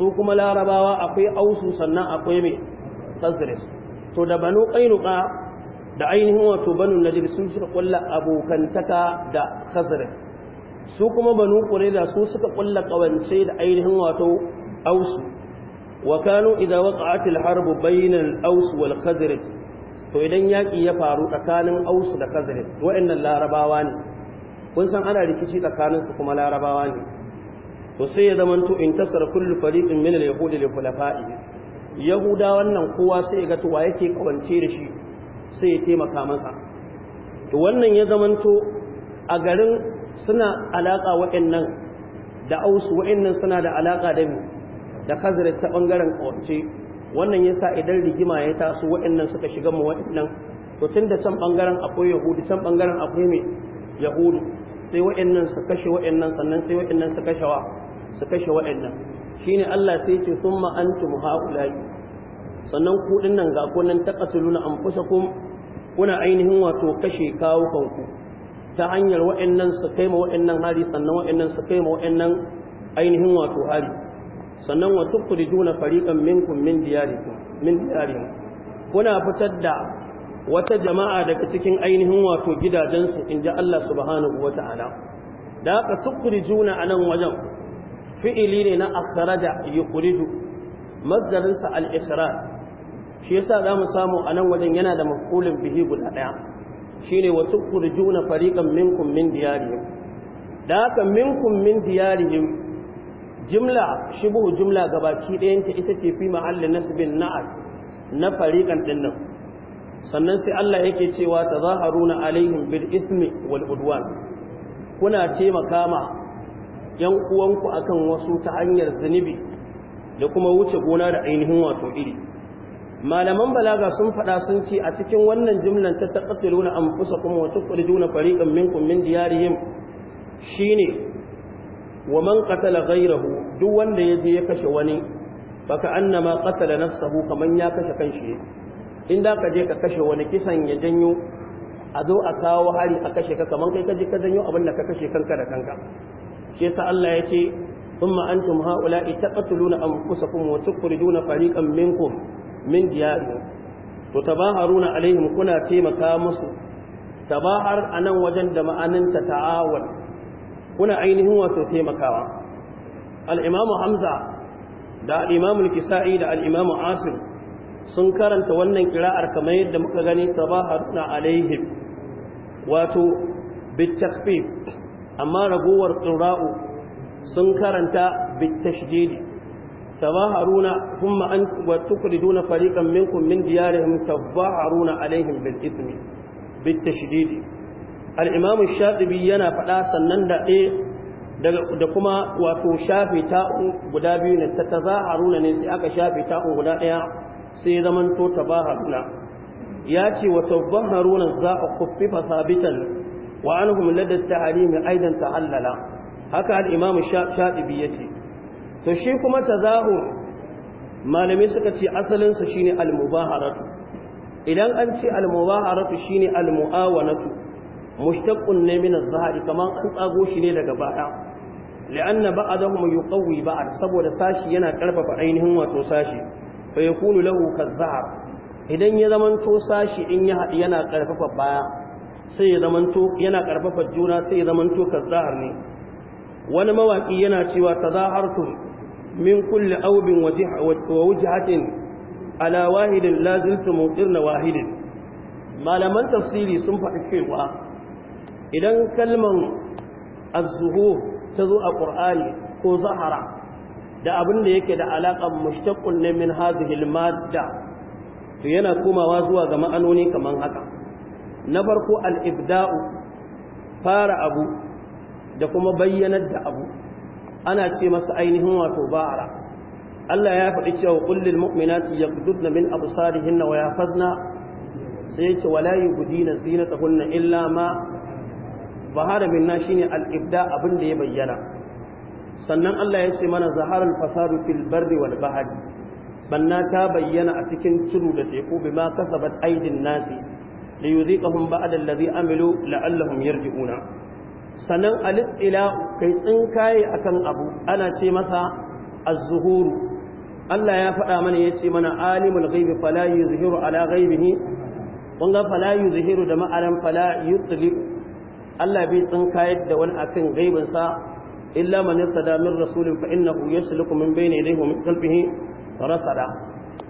su kuma larabawa akwai ausu sannan akwai mai khazraj to da banu qainuqa da ainihin wato banu nadir sun suka kulla abokantaka da khazraj su kuma banu qurayza su suka kulla kawance da ainihin wato ausu wa kanu idza waqa'at al-harb bayna al-aus wal khazraj to idan yaki ya faru tsakanin aus da khazraj wa'annan larabawa ne kun san ana rikici tsakanin su kuma larabawa ne to sai ya zamanto intasara kullu fariqin min al-yahudi li yahuda wannan kowa sai ya ga to wa yake kawance da shi sai ya taimaka masa to wannan ya to a garin suna alaƙa nan, da ausu nan suna da alaƙa da mu da kazirar ta ɓangaren ƙawance wannan ya sa idan rigima ya taso nan suka shiga mu nan, to tun da can ɓangaren akwai yahudu can ɓangaren akwai mai yahudu sai nan su kashe nan sannan sai nan su kashe wa su kashe waɗannan shine Allah sai ce thumma antum haula'i sannan ku dinnan ga ku nan taqatuluna anfusakum kuna ainihin wato kashe kawo kanku ta hanyar wa'annan su kai ma wa'annan hari sannan wa'annan su kai ma wa'annan ainihin wato hari sannan wa tukhrijuna fariqan minkum min diyarikum min diyarihim kuna fitar da wata jama'a daga cikin ainihin wato gidajensu inji Allah subhanahu wata'ala da aka a anan wajen fi'ili ne na akhraja yukhriju mazdarinsa al-ikhraj shi yasa zamu samu anan wajen yana da maf'ulun bihi guda daya shine wa tukhrijuna fariqan minkum min diyarihim da haka minkum min diyarihim jumla shibuhu jumla gabaki ɗayan ta ita ce fi ma'allin nasbin na'at na fariqan ɗinnan. sannan sai Allah yake cewa tazaharuna alaihim bil ismi wal udwan kuna taimaka ma yan uwanku akan wasu ta hanyar zunubi da kuma wuce gona da ainihin wato iri malaman balaga sun faɗa sun ce a cikin wannan jumlan ta taqtuluna anfusakum wa tukhrijuna fariqan minkum min diyarihim shine wa man qatala ghayrahu duk wanda yaje ya kashe wani baka ka annama qatala sahu kaman ya kashe kanshi in da ka je ka kashe wani kisan ya janyo a zo a kawo hari a kashe ka kaman kai ka je ka janyo abin da ka kashe kanka da kanka shi yasa Allah ya ce thumma antum haula'i taqtuluna anfusakum wa tukhrijuna fariqan minkum min diyari to tabaharuna alaihim kuna taimaka musu tabahar anan wajen da ma'aninta ta kuna ainihin wato taimakawa al hamza da al kisai da al asir sun karanta wannan kira'ar kamar yadda muka gani tabaharuna alaihim wato bitakfif amma ragowar Tsura'u sun karanta bitashdidi تظاهرون ثم أن وتخرجون فريقا منكم من ديارهم تظاهرون عليهم بالإثم بالتشديد الإمام الشاطبي ينا فلا سنن da kuma wato shafi ta'un guda biyu ne ta tazaharuna ne sai aka shafi ta'un guda ɗaya sai zaman to tabaharuna ya ce wa tabaharuna za a kuffifa sabitan wa anhum ladda tahrimi aidan ta'allala haka al-imam shatibi yace to shi kuma tazahur malamai suka ce asalinsa shine al-mubaharatu idan an ce al-mubaharatu shine al-mu'awanatu ne min az-zahari kaman an tsago shi ne daga baya li'anna ba'dahum yuqawwi ba'd saboda sashi yana karfafa ainihin wato sashi fa yakunu lahu kaz-zahar idan ya to sashi in ya yana karfafa baya sai ya to yana karfafa juna sai ya to kaz-zahar ne wani mawaƙi yana cewa tun. min kulle aubin wa wujhatin ala wahidin la ziltu mutirna wahidin malaman tafsiri sun faɗi cewa idan kalman az-zuhur ta zo a ƙur'ani ko zahara da abin da yake da alaƙar mushtaqqun ne min hadhihi al-madda to yana komawa zuwa ga ma'anoni kaman haka na farko al-ibda'u fara abu da kuma bayyanar da abu ana ce masa ainihin wato ba'ara Allah ya faɗi cewa kullil mu'minati yaqdudna min absarihinna wa yafazna sai yace wala yubdina zinatahunna illa ma bahara minna shine al-ibda abin da ya bayyana sannan Allah ya ce mana zaharal fasadu fil barri wal bahri banna ta bayyana a cikin tudu da teku bima kasabat aidin nasi liyuziqahum ba'da allazi amilu la'allahum yarji'una sannan alif kai tsinkaye akan abu ana ce masa az-zuhuru Allah ya faɗa mana ya ce mana alimul ghaibi fala yuzhiru ala ghaibihi kun ga fala yuzhiru da ma'anar fala yutliq Allah bai tsinkayar da wani akan ghaibin sa illa man yasada min rasulin fa innahu yasluku min bayni yadayhi wa min khalfihi rasada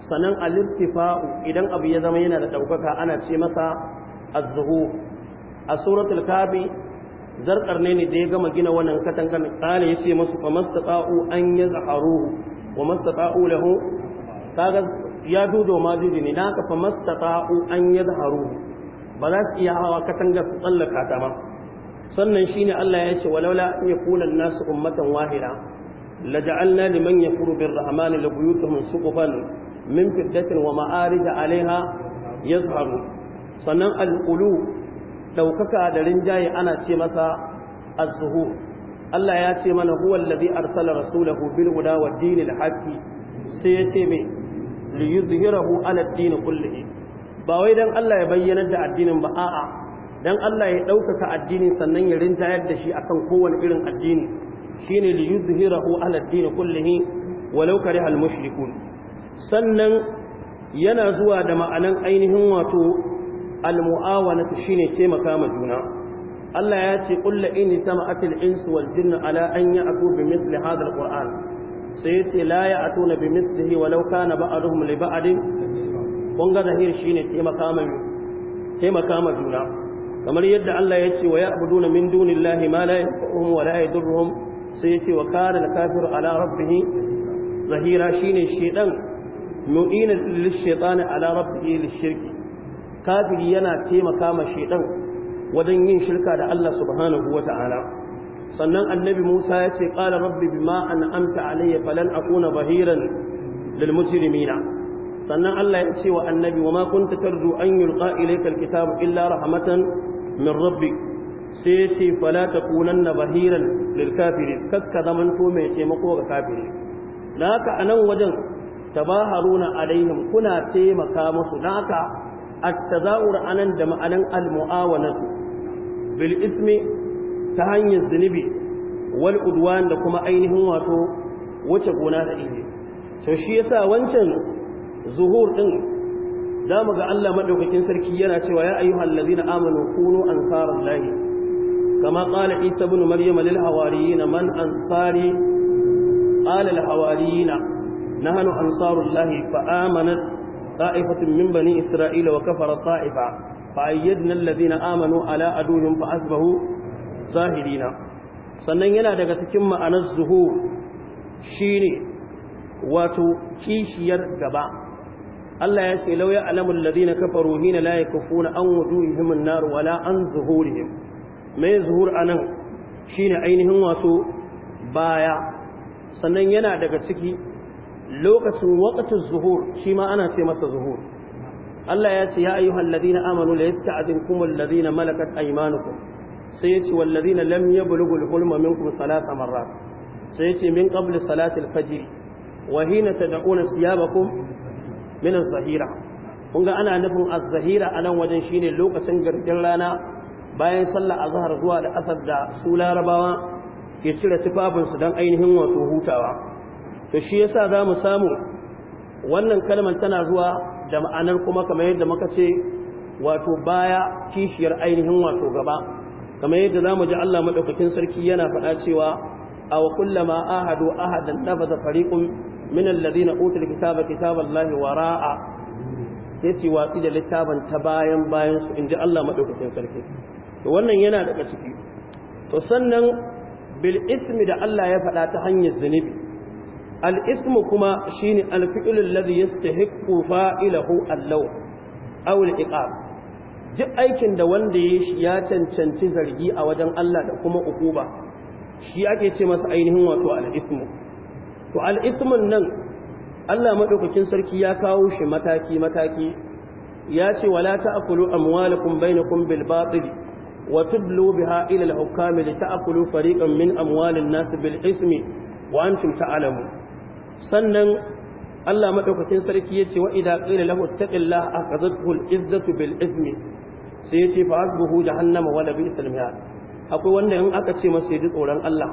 sanan al-irtifa'u idan abu ya zama yana da daukaka ana ce masa az-zuhur a suratul kafi zarkar ne ne da ya gama gina wannan katangar kala ya ce masu fa mastata'u an ya zaharuhu wa mastata'u lahu kaga ya dudo ma dudu ne na ka fa mastata'u an ya zaharuhu ba za su iya hawa katangar su tsallaka ta ma sannan shine Allah ya ce walaula an yakuna an-nasu ummatan wahida لجعلنا لمن يكفر بالرحمن لبيوتهم سقفا من فدة ومعارج عليها يظهر sannan alƙulu ɗaukaka da rinjaye ana ce masa az Allah ya ce mana huwa allazi arsala rasulahu bil huda wa dinil haqqi sai ya ce me li yuzhirahu ala ad-din kullihi ba wai dan Allah ya bayyana da addinin ba a'a dan Allah ya ɗaukaka addinin sannan ya rinjayar da shi akan kowane irin addini shine li yuzhirahu ala ad-din kullihi walau kariha al-mushrikun sannan yana zuwa da ma'anan ainihin wato al-mu'awanatu shine taimaka ma juna Allah ya ce qul in sama'atil insu wal jinnu ala an ya'tu bi mithli hadha al-qur'an sai yace la ya'tuna bi mithlihi walau kana ba'aduhum li ba'din kun ga zahir shine taimaka ma taimaka ma juna kamar yadda Allah ya ce wa ya'buduna min dunillahi ma la yanfa'uhum wa la yadurruhum sai yace wa kana al-kafiru ala rabbih zahira shine shedan mu'ina lish-shaytani ala rabbih lish-shirki kafiri yana taimaka ma shaidan wajen yin shirka da Allah subhanahu ta'ala sannan annabi Musa ya ce qala rabbi bima an'amta alayya falan akuna bahiran lil mujrimina sannan Allah ya ce wa annabi wa ma kunta tarju an yulqa ilayka alkitab illa rahmatan min rabbi sai ya ce fala takunanna bahiran lil kafirin kakka zamanto mai taimako ga kafiri dan haka anan wajen tabaharuna alaihim kuna taimaka musu dan haka at anan da ma'anan al-mu'awalatu bil ismi ta hanyar zunubi wal da kuma ainihin wato wace gona da ihe to shi yasa wancan zuhur din zamu ga Allah madaukakin sarki yana cewa ya ayyuhal ladina amanu kunu ansarallahi kama qala isa ibn maryam lil hawariyin man ansari qala al hawariyina nahnu ansarullahi fa amanat طائفة من بني إسرائيل وكفر الطائفة فأيدنا الذين آمنوا على عدوهم فأصبحوا ظاهرين sannan yana daga cikin ma'anar zuhur shine wato kishiyar gaba Allah ya ce law ya alamul ladina kafaru hina la yakufuna an wuduhihim an-nar wala an zuhurihim mai zuhur anan shine ainihin wato baya sannan yana daga ciki lokacin waqtu zuhur shi ma ana ce masa zuhur Allah ya ce ya ayyuhan ladina amanu la yasta'dinkum alladhina malakat aymanukum sai ya ce walladhina lam yablughul hulma minkum salasa marrat sai ya ce min qabli salati al-fajr wa hina tad'una siyabakum min az-zahira kun ga ana nufin az-zahira anan wajen shine lokacin garkin rana bayan sallar azhar zuwa da asar da su larabawa ke cire tufafinsu don ainihin wato hutawa to shi yasa za mu samu wannan kalmar tana zuwa da ma'anar kuma kamar yadda muka ce wato baya kishiyar ainihin wato gaba kamar yadda za mu ji Allah maɗaukakin sarki yana faɗa cewa a wa kullama ahadu ahadan nabaza fariqun min alladhina utul kitaba kitaballahi wara'a sai watsi da littafin ta bayan bayan su inji Allah maɗaukakin sarki to wannan yana daga ciki to sannan bil ismi da Allah ya faɗa ta hanyar zunubi al'ismu kuma shi ne alfi'ilin lazi ya stahiku fa'ilahu allau awul iqab duk aikin da wanda ya ya cancanci zargi a wajen Allah da kuma ukuba shi ake ce masa ainihin wato al'ismu to al'ismun nan Allah maɗaukakin sarki ya kawo shi mataki-mataki ya ce wala ta'akulu amwalakum bainakum bil batil wa tublu biha ila al-hukami li fariqan min amwalin nas bil ismi wa antum ta'lamun sannan Allah madaukakin sarki yace wa idza qila lahu ittaqillaha aqadathu al-izzatu bil ismi sai yace fa azbuhu jahannama wa la bi'sal mihad akwai wanda in aka ce masa yaji tsoron Allah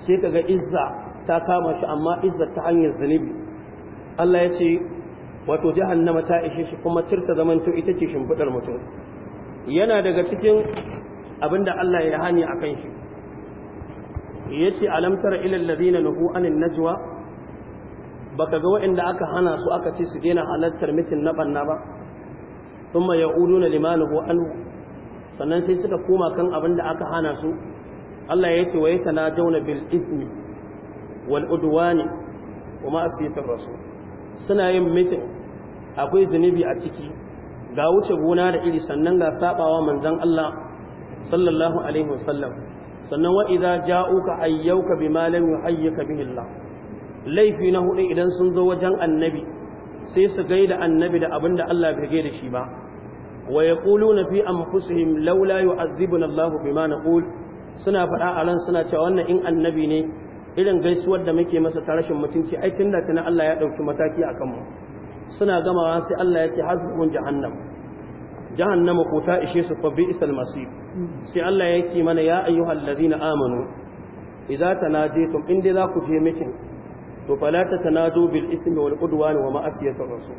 sai kaga izza ta kama shi amma izza ta hanyar zunubi Allah yace wato jahannama ta ishe shi kuma tirta zamanto ita ce shimfidar mutum yana daga cikin abinda Allah ya hani akan shi yace alam tara ilal ladina nuhu anin najwa baka ga waɗanda aka hana su aka ce su daina halartar mitin na banna ba sun ma ya udu na ko anhu sannan sai suka koma kan abin da aka hana su Allah ya ce wa ya tana jauna bil ismi wal udwani wa ma asiyatar rasu suna yin mitin akwai zunubi a ciki ga wuce gona da iri sannan ga sabawa manzon Allah sallallahu alaihi wasallam sannan wa idza ja'uka ayyuka bima lam yuhayyika bihi Allah laifi na hudu idan sun zo wajen annabi sai su gaida annabi da abin da Allah bai da shi ba wa na fi anfusihim laula yu'adhibuna Allah bima naqul suna faɗa a ran suna cewa wannan in annabi ne irin gaisuwar da muke masa ta rashin mutunci ai da tana Allah ya ɗauki mataki akan mu suna gamawa sai Allah ya ce hasbun jahannam jahannama ko ta ishe su fa bi'sal masir sai Allah ya ce mana ya ayyuhal ladina amanu idza tanajitum in dai za ku je mitin to fala ta tanadu bil ismi wal udwan wa ma'asiyati rasul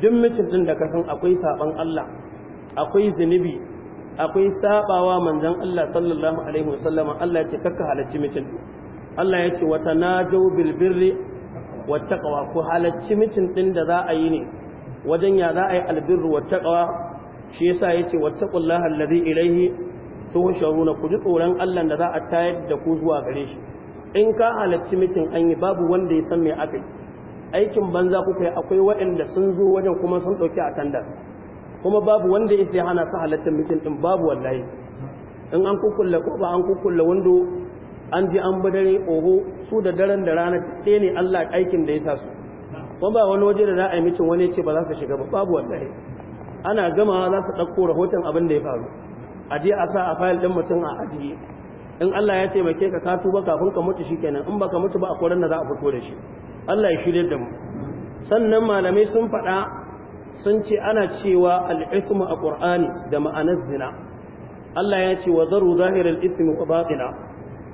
duk mutum da ka san akwai saban Allah akwai zunubi akwai sabawa manzon Allah sallallahu alaihi wasallam Allah ya ce kakka halacci mutum Allah ya ce wa tanadu bil birri wat taqwa ku halacci mutum din da za a yi ne wajen ya za a yi albirru wat taqwa shi yasa yace wattaqullaha alladhi ilayhi tuhsharuna ku ji tsoron Allah da za a tayar da ku zuwa gare shi in ka halarci mitin an yi babu wanda ya san me aka yi aikin banza kuka yi akwai waɗanda sun zo wajen kuma sun ɗauki a tanda kuma babu wanda ya sai hana su halartar mitin ɗin babu wallahi in an kukulla ko ba an kukulla wando an ji an badare oho su da daren da rana ɗaya ne Allah aikin da ya sa su kuma ba wani waje da za a yi mitin wani ce ba za su shiga ba babu wallahi ana gama za su ɗauko rahoton abin da ya faru a je a sa a fayil ɗin mutum a ajiye in Allah ya taimake ka ka tuba kafin ka mutu shikenan in baka mutu ba a akwai da za a fito da shi Allah ya shirye da mu sannan malamai sun faɗa sun ce ana cewa al-ithmu a Qur'ani da ma'anar zina Allah ya ce wa zaru zahiral ithmi wa batina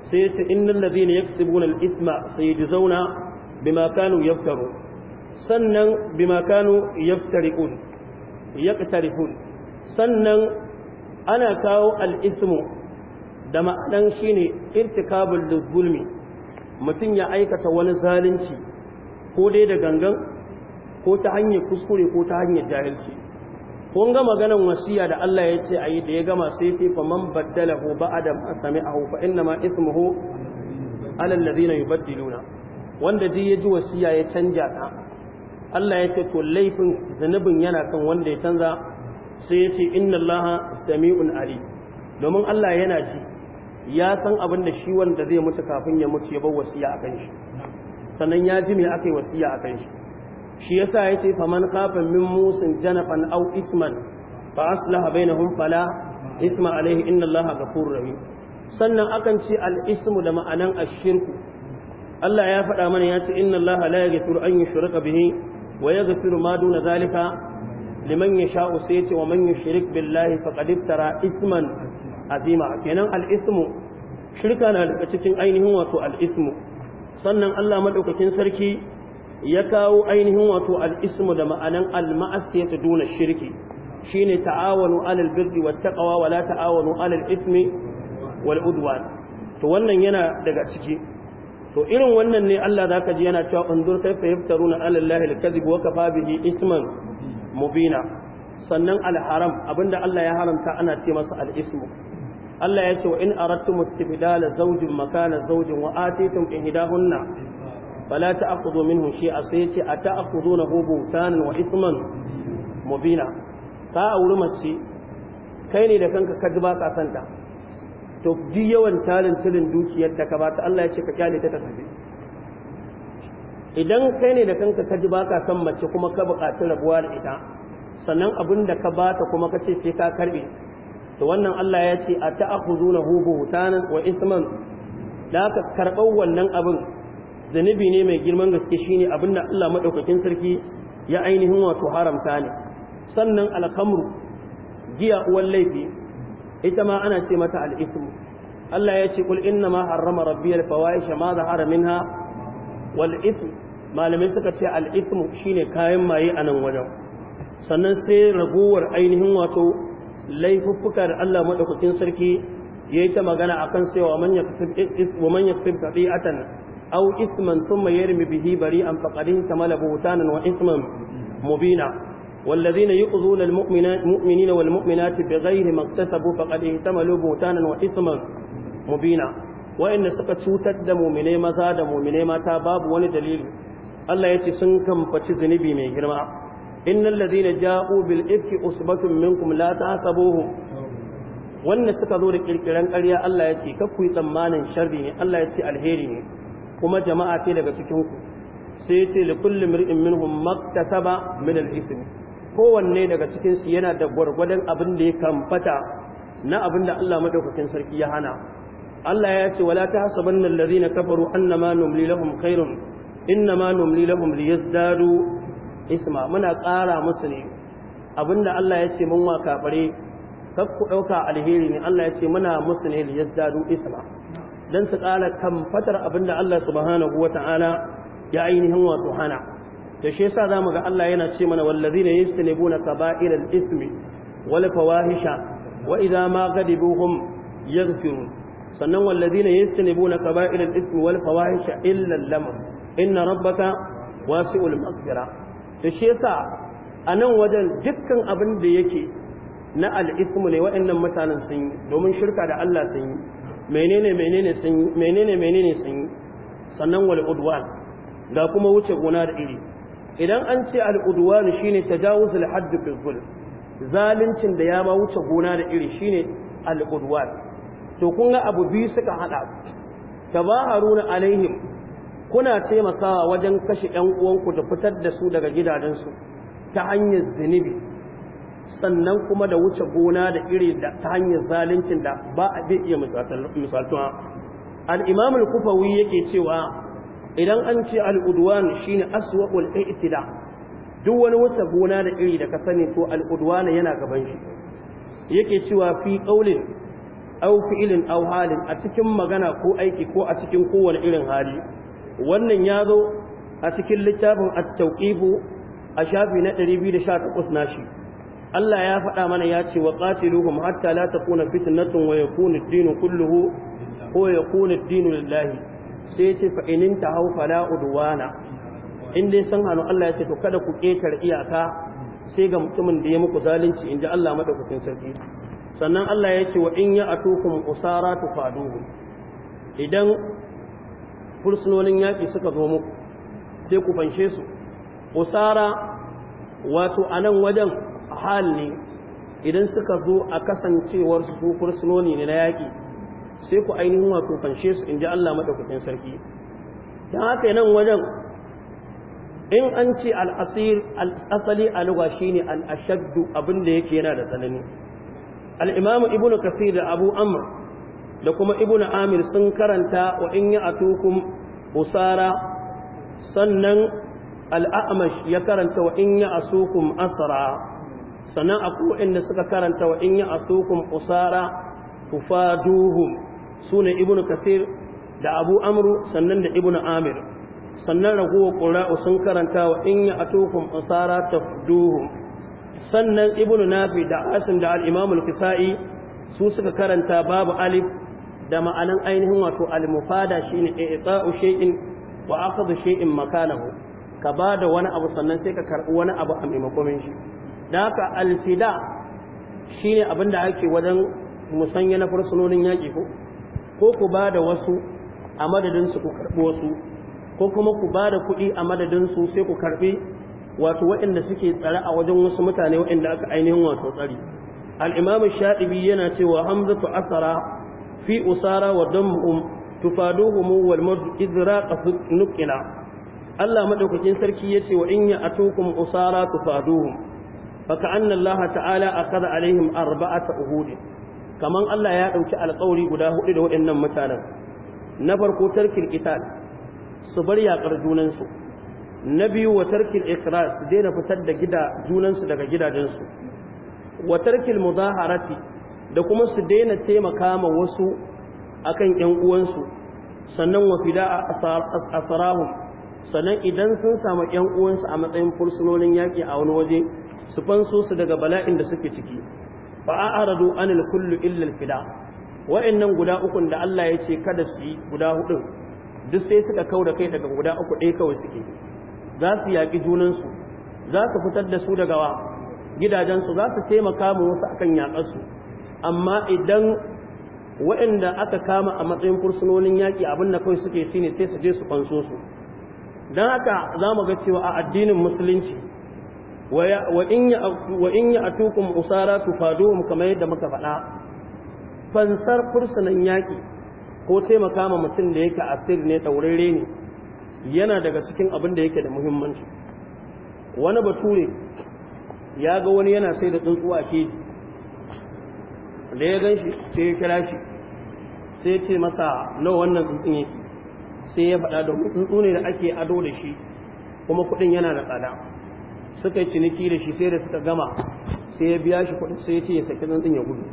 sai ya ce innal ladhina yaktubuna al-ithma sayajzauna bima kanu yaftaru sannan bima kanu yaftariqun yaqtarifun sannan ana kawo al-ithmu da ma'anan ne irtikabul zulmi mutum ya aikata wani zalunci ko dai da gangan ko ta hanyar kuskure ko ta hanyar jahilci kun ga maganan wasiya da Allah ya ce a yi da ya gama sai fi fa man baddalahu ba'da ma sami'ahu fa inna ismuhu ala alladhina yubaddiluna wanda dai ya ji wasiya ya canja ta Allah ya ce to laifin zanubin yana kan wanda ya canza sai ya ce inna allaha sami'un ali domin Allah yana ji ya san abin da shi wanda zai mutu kafin ya mutu ya bar wasiya akan shi sannan ya ji me aka yi wasiya akan shi shi yasa ce faman kafa min musin janafan aw isman fa aslaha bainahum fala isma alaihi inna allaha ghafurur rahim sannan akan ce al-ismu da ma'anan ashirku Allah ya faɗa mana ya ce inna allaha la yaghfiru an yushraka bihi wa yaghfiru ma duna zalika liman yasha'u sai ce wa man yushrik billahi faqad iftara isman azima kenan al shirka na daga cikin ainihin wato al sannan Allah madaukakin sarki ya kawo ainihin wato al da ma'anan al-ma'asiyatu duna shirki shine ta'awanu 'alal birri wat taqwa wa la ta'awanu 'alal ismi wal udwan to wannan yana daga ciki to irin wannan ne Allah zaka ji yana cewa undur kaifa yaftaruna 'ala Allahi al-kadhib wa kafa bihi isman mubina sannan al-haram abinda Allah ya haramta ana ce masa al-ismu Allah ya ce wa in aradtum istibdala zawjin makana zawjin wa atitum ihdahunna fala ta'khudhu minhu shay'a sayati yace ata'khudhunahu buhtanan wa ithman mubina ka auri mace kai ne da kanka ka ba ka santa to bi yawan talin tilin dukiyar da ka bata Allah ya ce ka kyale ta tafi idan kai ne da kanka ka ji kasan mace kuma ka buƙaci rabuwa da ita sannan abin da ka bata kuma ka ce sai ka karbe to wannan Allah ya ce a ta'akhuzunahu buhtanan wa isman da ka karɓar wannan abin zanibi ne mai girman gaske shine abin da Allah madaukakin sarki ya ainihin wato haramta ne sannan alkamru giya uwan laifi ita ma ana ce mata al-ismu Allah ya ce kul inna ma harrama rabbiyal fawahisha ma zahara minha wal ithm malamai suka ce al-ithm shine kayan maye a nan wajen sannan sai ragowar ainihin wato laifuffuka da Allah madaukakin sarki yayi ta magana kan cewa man yaktib wa man a tan? Au isman yari yarmi bihi bari'an ta tamala buhtanan wa isman mubina والذين يؤذون المؤمنين والمؤمنات بغير ما اكتسبوا فقد اهتملوا بهتانا واثما مبينا وان suka cutar da mu'mine maza da mu'mine mata babu wani dalili Allah yace sun kamfaci zunubi mai girma innal ladhina ja'u bil ifki usbatun minkum la tahsabuhu wannan suka zo da kirkiran ƙarya Allah ya ce kakku yi tsammanin sharri ne Allah ya ce alheri ne kuma jama'a ce daga cikin ku sai ya ce li kulli mar'in minhum maktasaba min al-ithm kowanne daga cikin su yana da gwargwadon abin da ya kamfata na abin da Allah madaukakin sarki ya hana Allah ya ce wala tahsabanna alladhina kafaru annama numli lahum khairun innama numli lahum liyazdadu isma muna ƙara musu ne abinda Allah ya ce mun wa kafare kar ku ɗauka alheri ne Allah ya ce muna musu ne da yazdadu isma dan su ƙara kan fatar abinda Allah subhanahu ta'ala ya ainihin wa hana Da shi yasa zamu ga Allah yana ce mana wallazina yastanibuna kaba'iral ismi wal fawahisha wa idza ma ghadibuhum yaghfirun sannan wallazina yastanibuna kaba'ira al ismi wal fawahisha illa lam inna rabbaka wasi'ul maghfirah da shi yasa a nan wajen dukkan abin da yake na al'ismu ne waɗannan mutanen sun yi domin shirka da Allah sun yi menene menene sun yi menene menene sun yi sannan wal udwan da kuma wuce gona da iri idan an ce al udwan shine tajawuzul hadd fi zulm zalincin da ya ba wuce gona da iri shine al udwan to kun ga abu biyu suka hada tabaharuna alaihim kuna taimakawa wajen kashe ‘yan uwanku da fitar da su daga gidajensu ta hanyar zunubi sannan kuma da wuce gona da iri da ta hanyar zalincin da ba a bai iya misaltuwa al'imam al’ufawi kufawi yake cewa idan an ce al’uduwan shi ne aswa ul'itida duk wani wuce gona da iri da ka sani to yana gaban shi yake cewa fi ƙaulin au ilin au a cikin magana ko aiki ko a cikin kowane irin hali wannan ya zo a cikin littafin at tauƙifu a shafi na 218 nashi Allah ya faɗa mana ya ce wa qatiluhum hatta la takuna fitnatun wa yakuna ad-dinu kulluhu ko yakuna ad-dinu lillahi sai ya ce fa in hau fala udwana in dai san hannu Allah ya ce to kada ku ƙetar iyaka sai ga mutumin da ya muku zalunci inji Allah madaukakin sarki sannan Allah ya ce wa in ya atukum usara tufaduhu idan fursunonin yaƙi suka zo muku sai ku fanshe su usara wato a nan wajen hal ne idan suka zo a kasancewar su fursunoni ne na yaƙi sai ku ainihin wato fanshe su in ji Allah maɗaukakin sarki don haka nan wajen in an ce al'asir al'asali a lugha ne al'ashaddu abin da yake yana da tsanani al'imamu ibnu kafir da abu amr da kuma ibnu amir sun karanta wa in ya atukum usara sannan al'amash ya karanta wa in ya asukum asra sannan akwai inda suka karanta wa in ya asukum usara tufaduhum sune ibnu kasir da abu amru sannan da ibnu amir sannan raguwa ƙura'u sun karanta wa in ya atukum usara tufaduhum sannan ibnu nafi da asim da al-imam al-kisa'i su suka karanta babu alif da ma'anan ainihin wato al-mufada shine i'ta'u shay'in wa akhadhu shay'in makanahu ka ba da wani abu sannan sai ka karɓi wani abu a maimakon shi dan haka alfida shi ne abin da ake wajen musanya na fursunonin yaƙi ko ko ku ba da wasu a madadinsu ku karɓi wasu ko kuma ku ba da kuɗi a madadinsu sai ku karɓi wato waɗanda suke tsare a wajen wasu mutane waɗanda aka ainihin wato tsari al'imamu shaɗibi yana cewa hamzatu asara fi usara wa dam'um tufaduhum wal mud idraqa nuqila Allah madaukakin sarki yace wa in ya'tukum usara tufaduhum fa ka'anna Allah ta'ala akhadha alaihim arba'ata uhud kaman Allah ya dauki alƙawari guda hudu da waɗannan mutanen na farko tarkil qital su bar yaƙar junan su na biyu wa tarkil ikras daina fitar da gida junansu daga gidajensu wa tarkil mudaharati da kuma su daina taimaka ma wasu akan ƴan uwansu sannan wa fida asrahum sannan idan sun samu ƴan uwansu a matsayin fursunonin yaki a wani waje su fanso su daga bala'in da suke ciki fa a'radu anil kullu illa al fida wa'annan guda ukun da Allah ya ce kada su yi guda hudu duk sai suka kauda kai daga guda uku ɗaya kawai suke za su yaƙi junansu za su fitar da su daga gidajensu za su taimaka mu wasu akan yaƙarsu amma idan waɗanda aka kama a matsayin fursunonin yaƙi abinda kawai suke shi ne sai su je su fanso su don haka za mu ga cewa a addinin musulunci wa in yi a tukun usara su tufaduhum kamar yadda muka faɗa fansar fursunan yaƙi ko taimaka ma mutum da yake asir ne taurare ne yana daga cikin abin da yake da muhimmanci wani bature ya ga wani yana sai da tsuntsuwa a keji da ya gan shi sai ya kira shi sai ce masa nawa wannan tsuntsun sai ya faɗa da tsuntsu ne da ake ado da shi kuma kuɗin yana da tsada suka yi ciniki da shi sai da suka gama sai ya biya shi kuɗin sai ya ce ya saki tsuntsun ya gudu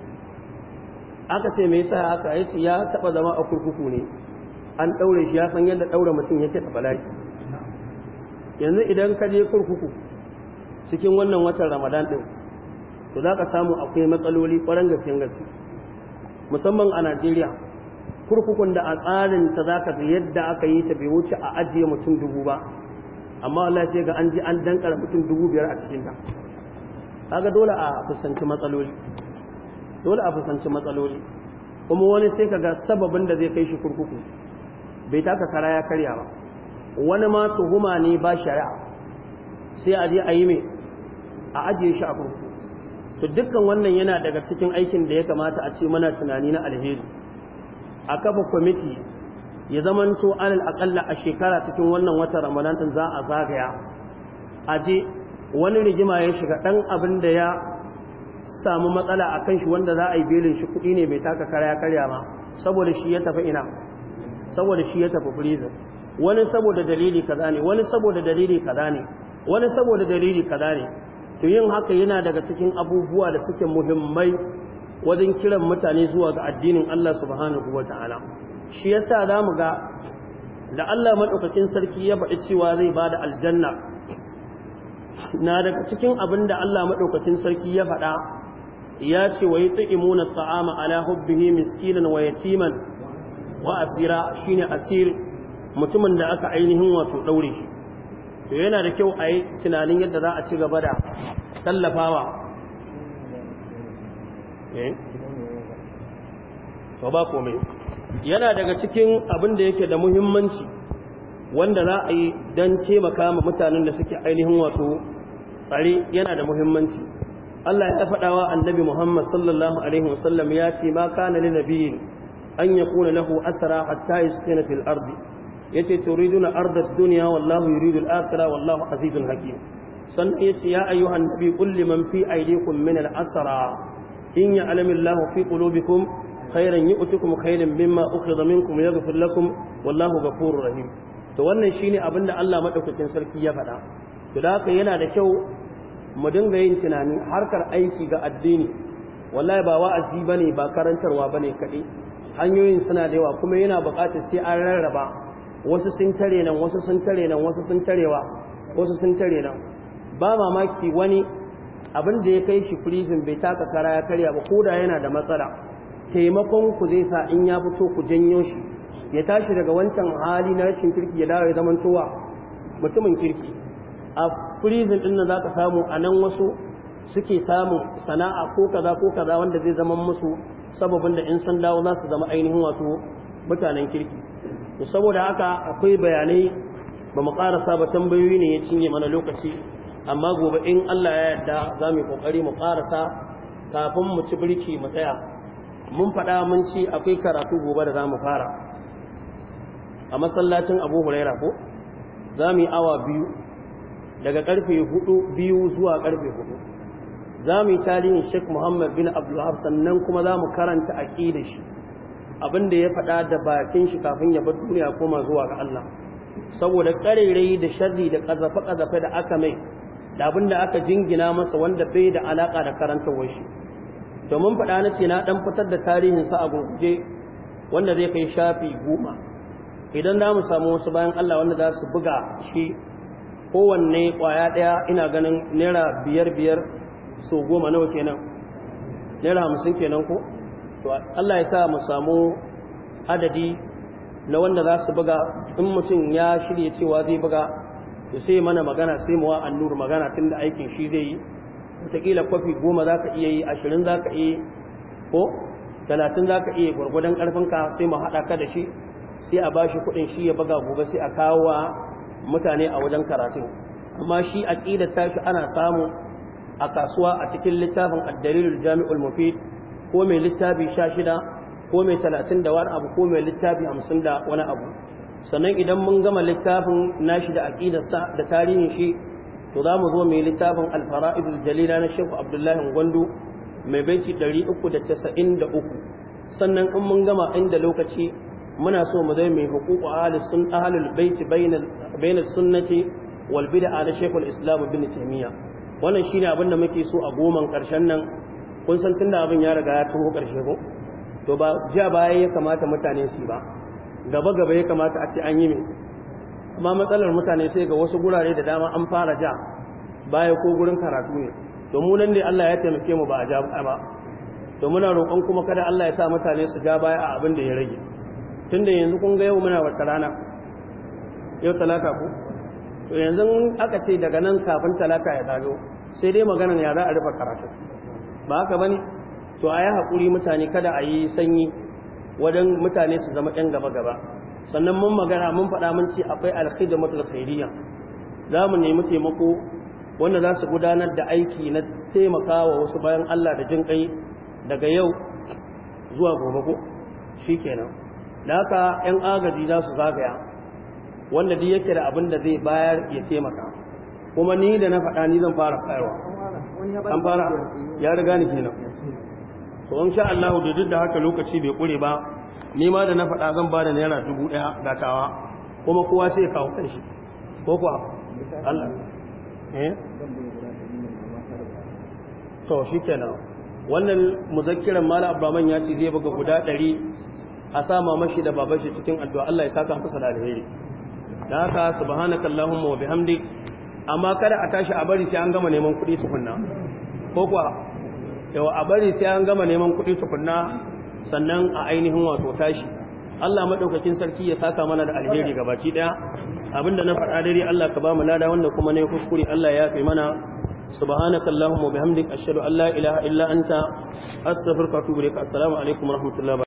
aka ce mai sa aka ya ce ya taɓa zama a kurkuku ne an ɗaure shi ya san yadda ɗaure mutum yake da bala'i yanzu idan ka je kurkuku cikin wannan watan ramadan ɗin to za ka samu akwai matsaloli ƙwarar gaske gaske musamman a najeriya kurkukun da a tsarin ta za ka yadda aka yi ta bai wuce a ajiye mutum dubu ba amma Allah sai ga an ji an dankara mutum dubu biyar a cikin ta kaga dole a fuskanci matsaloli dole a fuskanci matsaloli kuma wani sai ka ga sababin da zai kai shi kurkuku bai taka kara ya karya ba wani ma tuhuma ne ba shari'a sai a je a yi mai a ajiye shi a kurkuku to dukkan wannan yana daga cikin aikin da ya kamata a ce mana tunani na alheri a kafa kwamiti ya zamanto alal akalla a shekara cikin wannan wata ramadan za a zagaya a je wani rigima ya shiga dan abin da ya samu matsala a kan shi wanda za a yi belin shi kuɗi ne mai taka karya karya ma saboda shi ya tafi ina saboda shi ya tafi freezer wani saboda dalili kaza ne wani saboda dalili kaza ne wani saboda dalili kaza ne to yin haka yana daga cikin abubuwa da suke muhimmai wajen kiran mutane zuwa ga addinin Allah subhanahu wa ta'ala shi yasa za mu ga da Allah maɗaukakin sarki ya faɗi cewa zai ba da aljanna na daga cikin abin da Allah maɗaukakin sarki ya faɗa ya ce wa yi ta'imuna ta'ama ala hubbihi miskinan wa yatiman wa asira shine asir mutumin da aka ainihin wato ɗaure shi to yana da kyau a yi tunanin yadda za a ci gaba da tallafawa eh? ba komai yana daga cikin abin da yake da muhimmanci wanda za a yi don taimaka ma mutanen da suke ainihin wato tsari yana da muhimmanci Allah ya faɗawa annabi Muhammad sallallahu alaihi wasallam ya ce ma kana lin nabiyyin an yakuna lahu asra hatta na fil ardi yace turiduna arda duniya wallahu yuridu al-akhirah wallahu azizun hakim sannan yace ya ayyuhan nabi kulli man fi aydikum min al-asra in ya'lamu Allahu fi qulubikum khairan yu'tikum khairan mimma ukhidha minkum yaghfir lakum wallahu ghafurur rahim to wannan shine abinda Allah madaukakin sarki ya faɗa to da haka yana da kyau mu dinga yin tunani harkar aiki ga addini wallahi ba wa'azi bane ba karantarwa bane kaɗai hanyoyin suna da yawa kuma yana buƙatar sai an rarraba wasu sun tare nan wasu sun tare nan wasu sun tarewa wasu sun tare nan ba mamaki wani abin da ya kai shi prison bai taka kara ya karya ba koda yana da matsala taimakon ku zai sa in ya fito ku janyo shi ya tashi daga wancan hali na rashin kirki ya dawo ya zaman towa mutumin kirki a prison din nan zaka samu anan wasu suke samu sana'a ko kaza ko kaza wanda zai zama musu sababin da in san dawo za su zama ainihin wato mutanen kirki to saboda haka akwai bayanai ba mu ƙarasa ba tambayoyi ne ya cinye mana lokaci amma gobe in Allah ya yarda za mu yi ƙoƙari mu ƙarasa kafin mu ci birki mu tsaya mun faɗa mun ci akwai karatu gobe da za mu fara a masallacin abu huraira ko za mu yi awa biyu daga karfe hudu biyu zuwa karfe hudu za mu yi tarihin sheikh muhammad bin abdullahab sannan kuma za mu karanta aƙidar shi abin da ya faɗa da bakin shi kafin ya bar duniya koma zuwa ga Allah saboda karerai da sharri da kazafe-kazafe da aka mai da abin da aka jingina masa wanda bai da alaka da karantawar shi domin faɗa na ce na ɗan fitar da tarihin sa a gurguje wanda zai kai shafi goma idan za mu samu wasu bayan Allah wanda za su buga shi kowanne ƙwaya ɗaya ina ganin naira biyar biyar so goma nawa kenan naira hamsin kenan ko to Allah ya sa mu samu adadi na wanda za su buga in mutum ya shirya cewa zai buga da sai mana magana sai muwa annur magana tun da aikin shi zai yi wataƙila kwafi goma za ka iya yi ashirin za ka iya ko talatin za ka iya gwargwadon ƙarfinka sai mu haɗa ka da shi sai a ba shi kuɗin shi ya buga gobe sai a kawo wa mutane a wajen karatu amma shi aƙidar tashi ana samu a kasuwa a cikin littafin addalilul jami'ul mufid ko mai littafi sha shida ko mai talatin da wani abu ko mai littafi hamsin da wani abu sannan idan mun gama littafin nashi da aƙidarsa da tarihin shi to za mu zo mai littafin Alfara jalila na shehu abdullahi gwandu mai baiti uku. sannan in mun gama inda lokaci muna so mu zai mai hukuku ahalul baiti bainal sunnati wal bid'a na shekul Islamu bin taimiyya wannan shine abin da muke so a goman ƙarshen nan kun san tunda abin ya riga ya taho ƙarshe ko to ba jiya baya ya kamata mutane su ba gaba gaba ya kamata a ce an yi mai amma matsalar mutane sai ga wasu gurare da dama an fara ja baya ko gurin karatu ne to mu nan ne Allah ya taimake mu ba a ja ba to muna roƙon kuma kada Allah ya sa mutane su ja baya a abin da ya rage tunda yanzu kun ga yau muna wata rana yau talata ku to yanzu aka ce daga nan kafin talata ya zago sai dai maganar ya za a rufe karatu ba haka ne to a yi haƙuri mutane kada a yi sanyi wajen mutane su zama 'yan gaba-gaba sannan mun magana mun faɗa mun ce akwai alkhidmatul khairiyya za mu nemi taimako wanda za su gudanar da aiki na taimakawa wasu bayan Allah da jin kai daga yau zuwa gobe ko shikenan da haka 'yan agaji za su zagaya wanda duk yake da abin da zai bayar ya taimaka kuma ni da na faɗa ni zan fara fayarwa an fara ya riga ni kenan to in sha Allah da duk da haka lokaci bai kure ba ni ma da na faɗa zan ba da naira dubu ɗaya ga tawa kuma kowa sai ya kawo shi. ko kuwa Allah eh to kenan, wannan muzakkiran mala abraman ya ce zai buga guda ɗari a Mama shi da babashi cikin addu'a Allah ya saka masa da alheri da haka subhanakallahumma wa bihamdik amma kada a tashi a bari sai an gama neman kuɗi tukunna ko kuwa yawa a bari sai an gama neman kuɗi tukunna sannan a ainihin wato tashi Allah madaukakin sarki ya saka mana da alheri gabaki daya abinda na faɗa dare Allah ka ba mu lada wanda kuma ne kuskure Allah ya kai mana subhanakallahumma bihamdika ashhadu an la ilaha illa anta astaghfiruka wa atubu ilaik assalamu alaikum